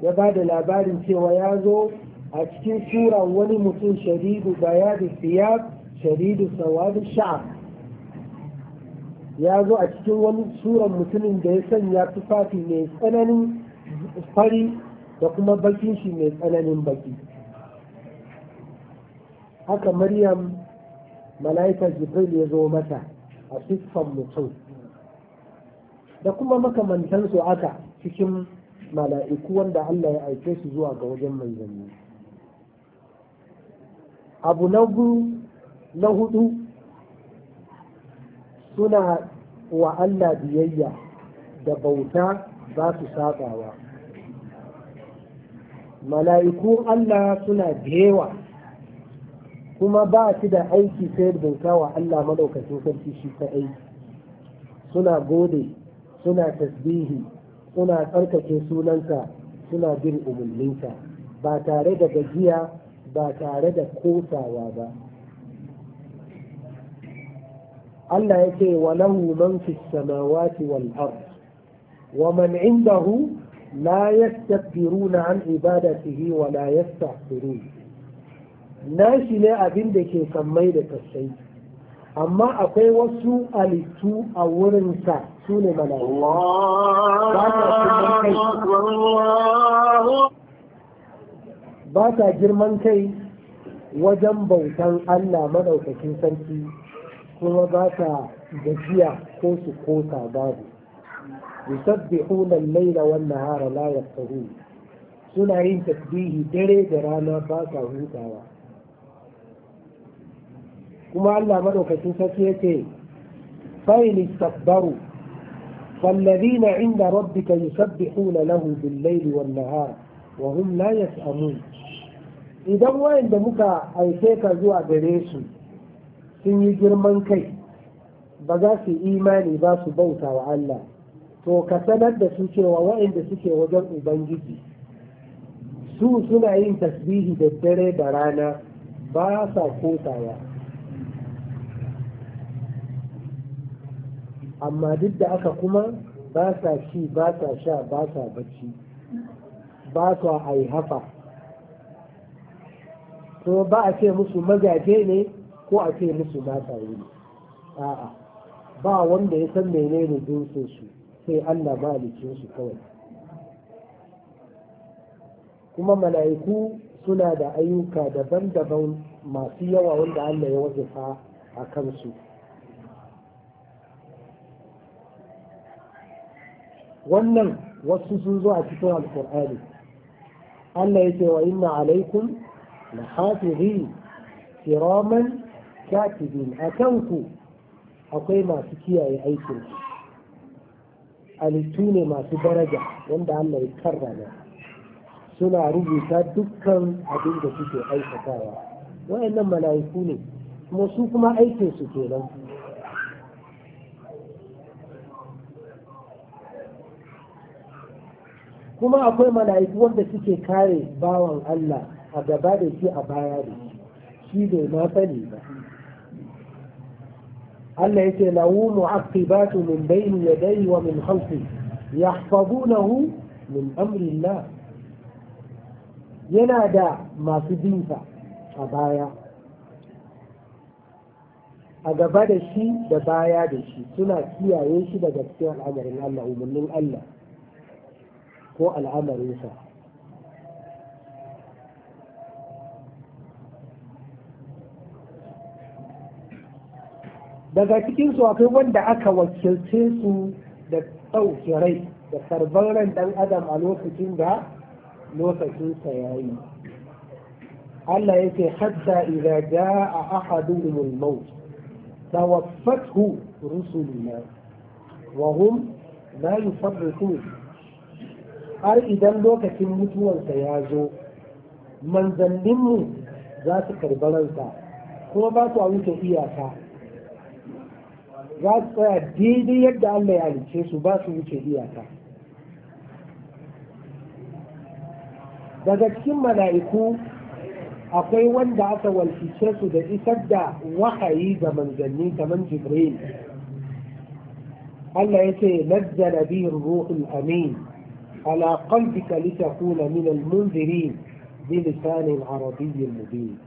ya ba da labarin cewa ya zo a cikin sura wani mutum shadidu bayadu siyab shadidu sawadu sha'a ya zo a cikin wani suran mutumin da ya sanya tufafi mai tsananin fari da kuma bakin shi mai tsananin baki haka maryam mala'ikar jibril ya zo mata a siffan mutum da kuma su aka cikin mala'iku wanda Allah ya aike su zuwa ga wajen manzanni abu na hudu suna wa Allah biyayya da bauta za su saɓawa Mala'iku Allah suna da kuma ba shi da aiki sai bauta wa Allah madaukakin sarki shi ta aiki suna gode suna tasbihi suna tsarkake sunansa suna bin umarninsa ba tare da gajiya ba tare da kosawa ba Allah ya ce wa lahu man fi samawati wal ard wa man indahu la yastakbiruna an ibadatihi wa la yastahsirun nashi ne abin da ke sammai da tasai amma akwai wasu alitu a wurinsa su ne ba ta girman kai wajen bautan Allah madaukakin sarki kuma ba ta gajiya ko su kota babu يسبحون wannan والنهار لا يفترون suna yin tasbihi dare da rana ba sa hutawa kuma Allah maɗaukacin sarki yake fa'il istakbaru والذين عند ربك يسبحون له بالليل wa وهم لا يسأمون idan wayanda muka aike ka zuwa gare su sun yi girman kai ba za su imani ba su bauta wa Allah to ka sanar da su cewa wayanda suke wajen ubangiji su suna yin tasbihi da dare da rana ba sa kotawa amma duk da aka kuma ba sa ci ba sa sha ba sa bacci ba sa hafa. to ba a ce musu magaje ne ko a ce musu mata ne a'a ba wanda ya san menene jinsin su sai Allah malikin su kawai kuma mala'iku suna da ayyuka daban-daban masu yawa wanda Allah ya wajefa a kansu. wannan wasu sun zo a cikin alkur'ani Allah ya ce wa inna alaikum la hafizi kiraman katibin a kanku akwai masu kiyaye aikin Alitu ne masu daraja wanda Allah ya karrama suna rubuta dukkan abin da suke aikatawa wa'annan mala'iku ne kuma su kuma aikinsu kenan kuma akwai mala'iku wanda suke kare bawan Allah a gaba da shi a baya da shi shi bai ma sani ba Allah yake lahu mu'aqibatu min bayni yadayhi wa min khalfi yahfazunahu min amri Allah yana da masu binsa a baya a gaba da shi da baya da shi suna kiyaye shi daga cikin al'amarin Allah umarnin Allah ko al'amarinsa daga cikinsu akwai wanda aka wakilce su da ɗauke rai da karban ran ɗan adam a lokacin da lokacinsa ya yi Allah yake hatta idza jaa ahaduhum al-maut tawaffathu rusuluna wa hum la yufarriqun har idan lokacin mutuwarsa ya zo manzanninmu za su karbi ransa kuma ba su wuce iyaka za su tsaya daidai yadda Allah ya halice su ba su wuce iyaka daga cikin mala'iku akwai wanda aka walfice su da isar da wahayi ga manzanni kamar jibril Allah ya ce nazzala bihi ruhul amin على قلبك لتكون من المنذرين بلسان عربي مبين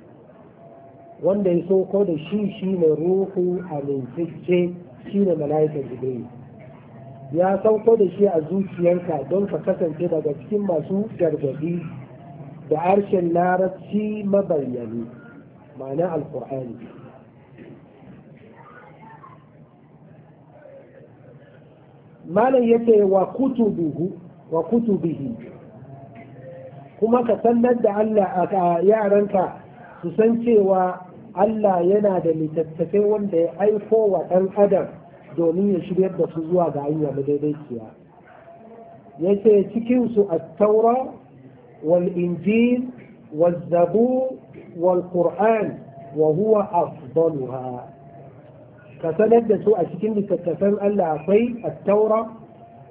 wanda ya sauko da shi shi ne ruhu amintacce shi ne mala'ikar jibril ya sauko da shi a zuciyarka don ka kasance daga cikin masu gargadi da harshen larabci mabayyani ma'ana alkur'ani malam yake wa kutubuhu wa kutubihi kuma ka sanar da Allah a yaranka su san cewa Allah yana da littattafai wanda ya aiko wa ɗan adam domin ya shiryar da su zuwa ga hanya madaidaiciya ya ce cikinsu a taura wal injil wal zabu wal qur'an wa huwa afdaluha ka sanar da su a cikin littattafan Allah akwai a taura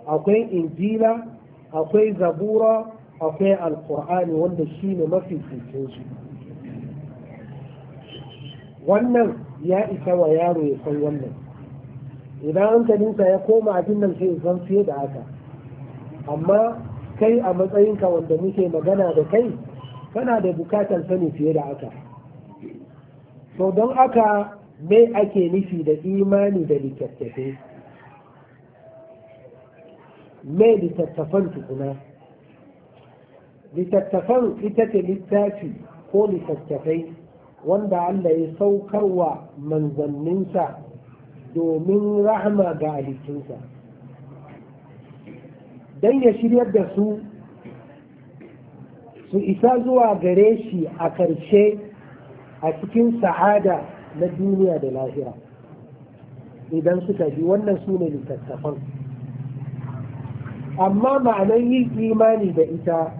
akwai injila akwai zabura akwai alkur'ani wanda shine mafi su wannan ya isa wa yaro ya san wannan idan hankalinsa ya koma abin nan sai san fiye da haka amma kai a matsayinka wanda muke magana da kai kana da bukatar sani fiye da haka to don aka me ake nufi da imani da littattafai mai littattafan tukuna littattafan ita ce littafi ko littattafai wanda Allah ya saukarwa manzanninsa domin rahama ga alikinsa don ya shiryar da su su isa zuwa gare shi a ƙarshe a cikin sa'ada na duniya da lahira idan suka bi wannan su ne littattafan amma ma'anar yin imani da ita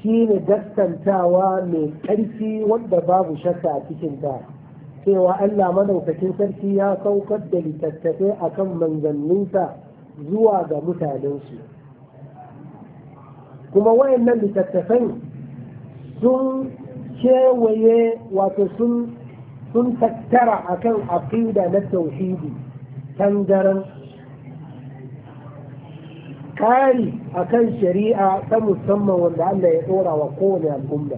shi ne gaskantawa mai ƙarfi wanda babu shakka a cikinta cewa Allah madaukakin sarki ya saukar da littattafai a kan manzanninsa zuwa ga mutanensu kuma wayannan littattafai sun kewaye wato sun tattara akan aqida na tauhidi tangaran kari akan shari'a ta musamman wanda Allah ya dora wa kowane al'umma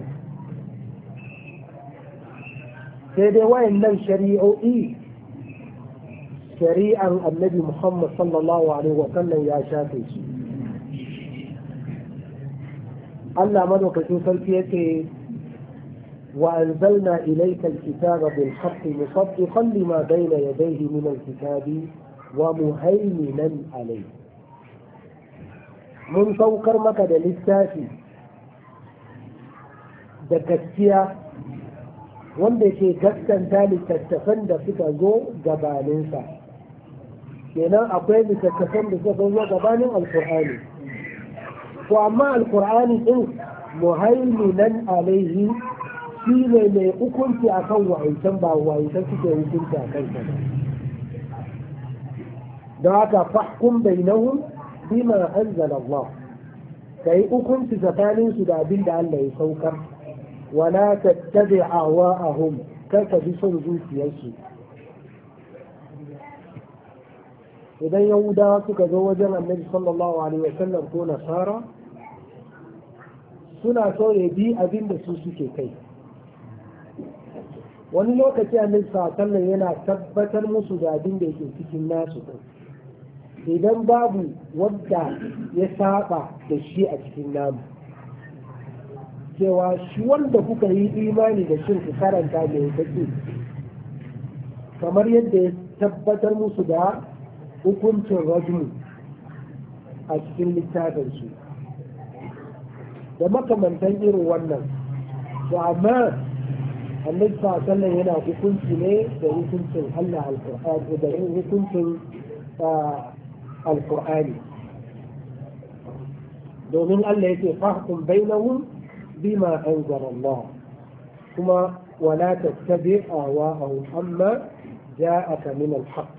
sai dai wayan nan shari'o'i shari'an annabi Muhammad sallallahu alaihi wa sallam ya shafe shi Allah madaukakin sarki yake وأنزلنا إليك الكتاب بالحق مصدقا لما بين يديه من الكتاب ومهيمنا عليه mun saukar maka da littafi da gaskiya wanda ke gaskanta littattafan da suka zo gabaninsa kenan akwai littattafan da suka zo gabanin alkur'ani ko amma alkur'ani din muhaiminan alaihi shi ne mai hukunci akan wa'ancan ba wa'ancan suke hukunci akan ba don haka bai nahu? bima anzala Allah kai hukunci tsakanin su da abin da Allah ya saukar wala tattabi ahwa'ahum kar ka bi son zuciyarsu idan yahuda suka zo wajen annabi sallallahu alaihi Sallam ko nasara suna so ya bi abin da su suke kai wani lokaci annabi sallallahu yana tabbatar musu da abin da yake cikin nasu din idan babu wanda ya saba da shi a cikin namu cewa shi wanda kuka yi imani da shi ku karanta mai baki kamar yadda ya tabbatar musu da hukuncin rajin a cikin littafinsu da makamantan irin wannan to amma annabi Sallan yana hukunci ne da hukuncin Allah alqur'ani da hukuncin ah, alkur'ani domin Allah yake fahkum bainahum bima anzala Allah kuma wala tattabi awahum amma ja'aka min al-haq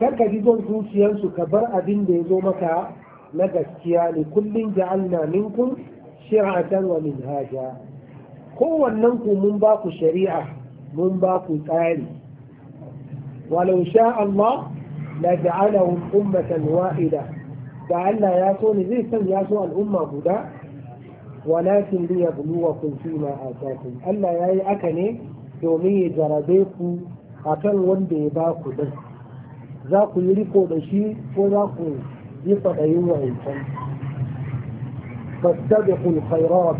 karka ji don zuciyarsu ka bar abin da ya zo maka na gaskiya ne kullum ja'alna minkum shir'atan wa minhaja kowannen ku mun ba ku shari'a mun ba ku tsari walau sha Allah لجعلهم أمة واحدة لعل يكون ذي سن يسوع الأمة هدى ولكن ليبلوكم فيما آتاكم ألا يا أكني دومي جربيكم أكن وندي باكو دم za ku yi riko da shi ko za ku yi faɗayin wa'ancan fastabiqul khairat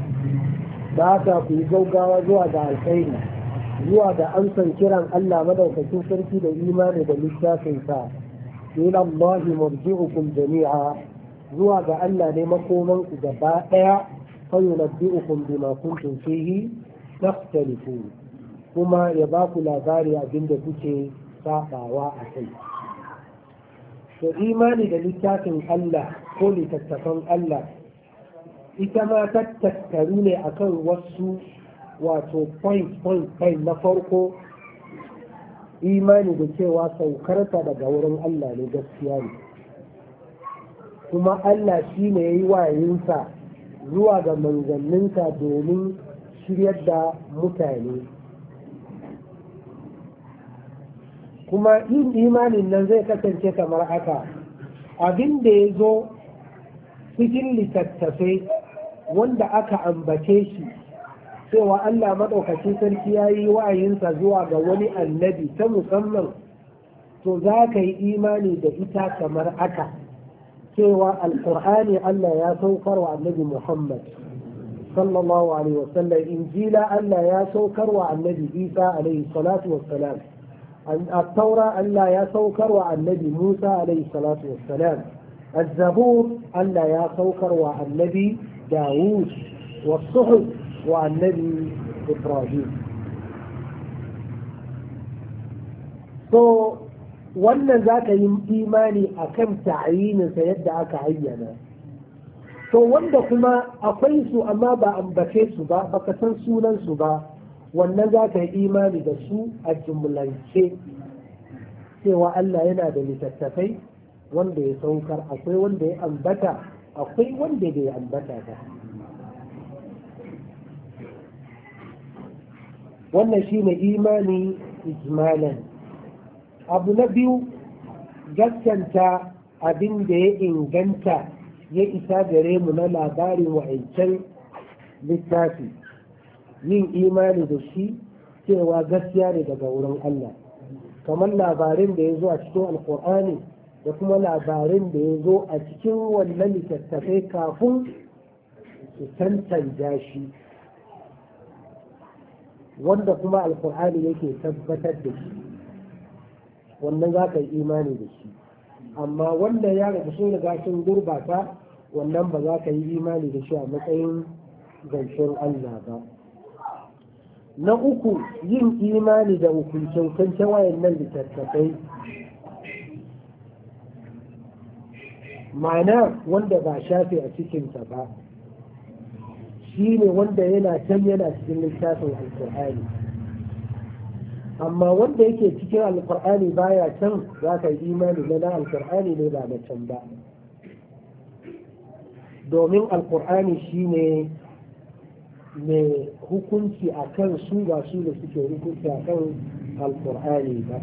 da haka ku yi gaugawa zuwa da alkhairi zuwa da amsan kiran Allah madaukakin sarki da imani da littafin sa ila Allah marji'ukum jami'a zuwa ga Allah ne makoman ku gaba daya fa yunabbi'ukum bima kuntum fihi takhtalifun kuma ya ba ku labari abinda kuke saɓawa a kai to imani da littafin Allah ko littattafan Allah ita ma tattattaru ne akan wasu wato point point point na farko imani da cewa saukarta daga wurin Allah ne gaskiya ne kuma Allah shi ne ya yi wayinsa zuwa ga manzanninsa domin shiryar da mutane kuma yin imanin nan zai kasance kamar haka abin da ya zo cikin littattafai wanda aka ambace shi cewa Allah maɗaukacin sarki ya yi wa'ayinsa zuwa ga wani annabi ta musamman to za ka yi imani da ita kamar aka? cewa alkur'ani Allah ya saukar wa annabi Muhammad sallallahu alaihi wasallam injila Allah ya saukar wa annabi Isa alaihi salatu wassalam التوراة ألا يا سوكر والنبي موسى عليه الصلاة والسلام الزبور ألا يا سوكر والنبي داوود والصحف wa annabi ibrahim so wannan za ka yi imani a kan ta'ayininsa yadda aka ayyana to wanda kuma akwai su amma ba ambace su ba baka san sunan su ba wannan za ka yi imani da su a jumlance cewa Allah yana da littattafai wanda ya saukar akwai wanda ya ambata akwai wanda bai ambata ba wannan shi ne imani ijmalan abu na biyu gaskanta abin da ya inganta ya isa gare mu na labarin wa'ancan littafi yin imani da shi cewa gaskiya ne daga wurin Allah kamar labarin da ya zo a cikin alkur'ani da kuma labarin da ya zo a cikin wannan littattafai kafin su tantanta shi wanda kuma alkur'ani yake tabbatar da shi wannan za ka yi imani da shi amma wanda ya rabu sun riga sun gurbata wannan ba za ka yi imani da shi a matsayin zancen Allah ba na uku yin imani da hukuncin kan wayan nan littattafai ma'ana wanda ba shafe a cikinsa ba shi ne wanda yana can yana cikin littafin alkur'ani amma wanda yake cikin alkur'ani baya can za ka yi imani na alkur'ani ne ba na can ba domin alkur'ani shi ne mai hukunci a kan su ba su da suke hukunci a kan alkur'ani ba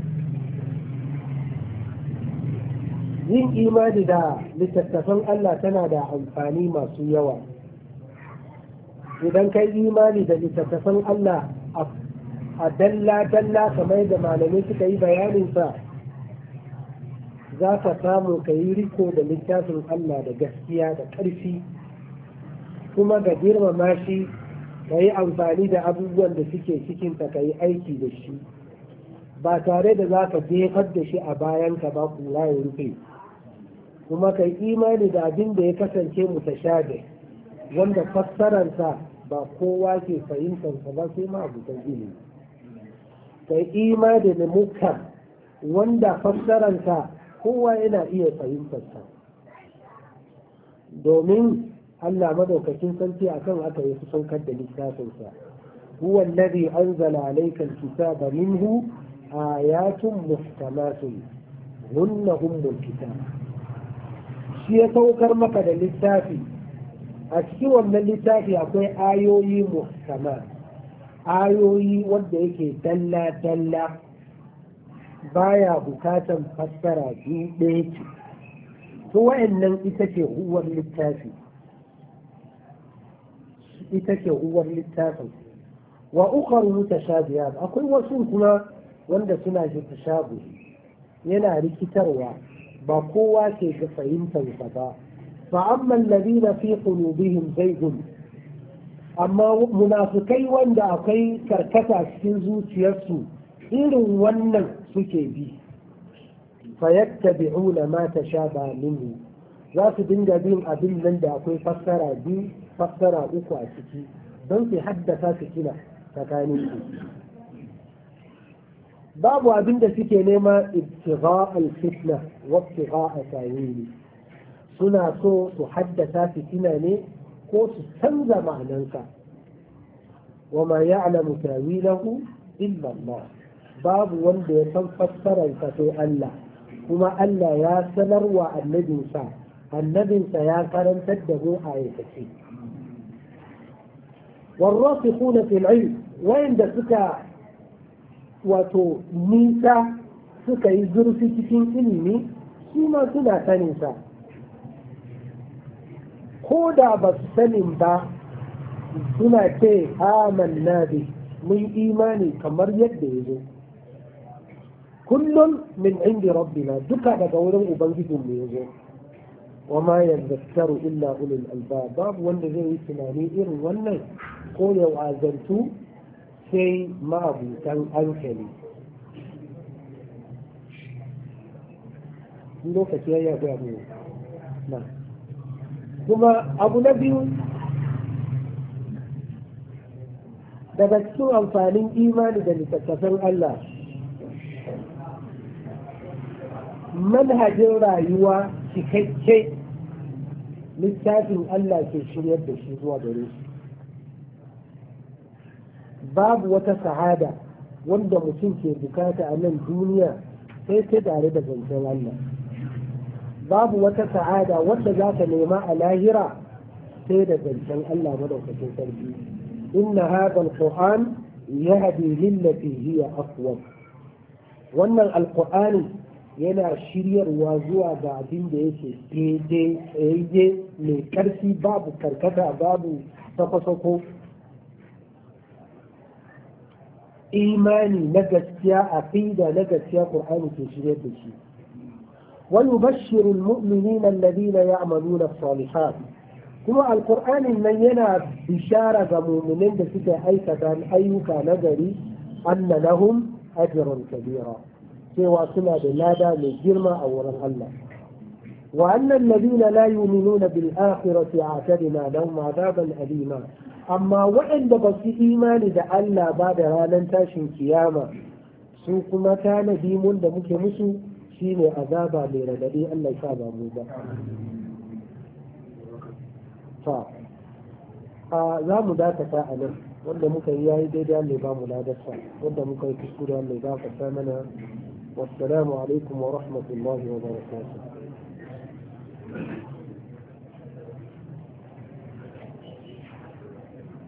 yin imani da littattafan allah tana da amfani masu yawa idan kai imani da littattafan Allah a dalla-dalla kamar da malamai suka yi bayaninsa za ka samu ka yi riko da littafin Allah da gaskiya da ƙarfi kuma ga girmama shi ka yi amfani da abubuwan da suke cikinsa ka yi aiki da shi ba tare da za ka jefar da shi a bayan ka ba kula ya rufe kuma ka yi imani da abin da ya kasance mu ta mutashabe wanda fassararsa ba kowa ke fahimtar sa ba sai ma abokan ilimi kai ima da wanda fassararsa kowa yana iya fahimtar sa domin Allah madaukakin sarki akan aka yi saukar da littafinsa huwa alladhi anzala alayka alkitaba minhu ayatun muhkamatun hunna ummul kitab shi ya saukar maka da littafi a cikin wannan littafi akwai ayoyi muhkama ayoyi wanda yake talla-talla baya bukatan fassara biyu ɗaya ce to wa'annan ita ke uwar littafi ita ke huwar littafin wa ukar akwai wasu kuma wanda suna ji shago yana rikitarwa ba kowa ke ga fahimtar ba فأما الذين في قلوبهم زيغ أما منافقي وندا أكي كركتا سكنزو تيسو إلو ونن سكي بي فيتبعون ما تشابه منه za su dinga bin abin nan da akwai fasara biyu fassara uku a ciki don su haddasa su kina tsakanin babu abin da suke nema ibtigha al-fitna wa ibtigha suna so su haddasa fitina ne ko su canza ma'anansa wa ma ya'lamu tawilahu illa Allah babu wanda ya san fassararsa sai Allah kuma Allah ya sanarwa annabinsa annabinsa ya karantar da mu a aikace والراسخون في العلم وين suka wato nisa suka yi zurfi cikin ilimi su ma suna saninsa ko da ba su sanin ba suna ce na bi mun imani kamar yadda ya zo kullum min indi rabbina duka daga wurin ubangijin mu ya zo wa ma yadhakkaru illa ulul albab babu wanda zai yi tunani irin wannan ko ya wazantu sai ma'abutan hankali lokaci ya yi na kuma abu na biyu daga cikin amfanin imani da littattafan Allah manhajin rayuwa cikakke littafin Allah ke shiryar da shi zuwa gare shi babu wata sa'ada wanda mutum ke bukata a nan duniya sai ta tare da zancen Allah babu wata sa'ada wadda za ka nema a lahira sai da zancen Allah madaukakin sarki inna hadha alquran yahdi lillati hiya aqwam wannan alqur'ani yana shiryarwa zuwa ga abin da yake daidai tsaye mai karfi babu karkata babu sako-sako imani na gaskiya a na gaskiya ƙur'ani ke shirya da shi ويبشر المؤمنين الذين يعملون الصالحات kuma alkur'anin nan yana bishara ga muminin da suka aikata ayyuka na gari anna lahum ajrun kabira cewa suna da lada mai girma a wurin Allah wa annal ladina la yu'minuna bil akhirati a'tadna lahum ban alima amma waɗanda ba su imani da Allah ba da ranar tashin kiyama su kuma tanadi mun da muke musu shi ne azaba mai radadi Allah sa ba mu ba ta a za mu dakata a nan wanda muka yi yayi daidai Allah ba mu ladarsa wanda muka yi kuskure Allah ba ka sa mana wassalamu alaikum wa rahmatullahi wa barakatuh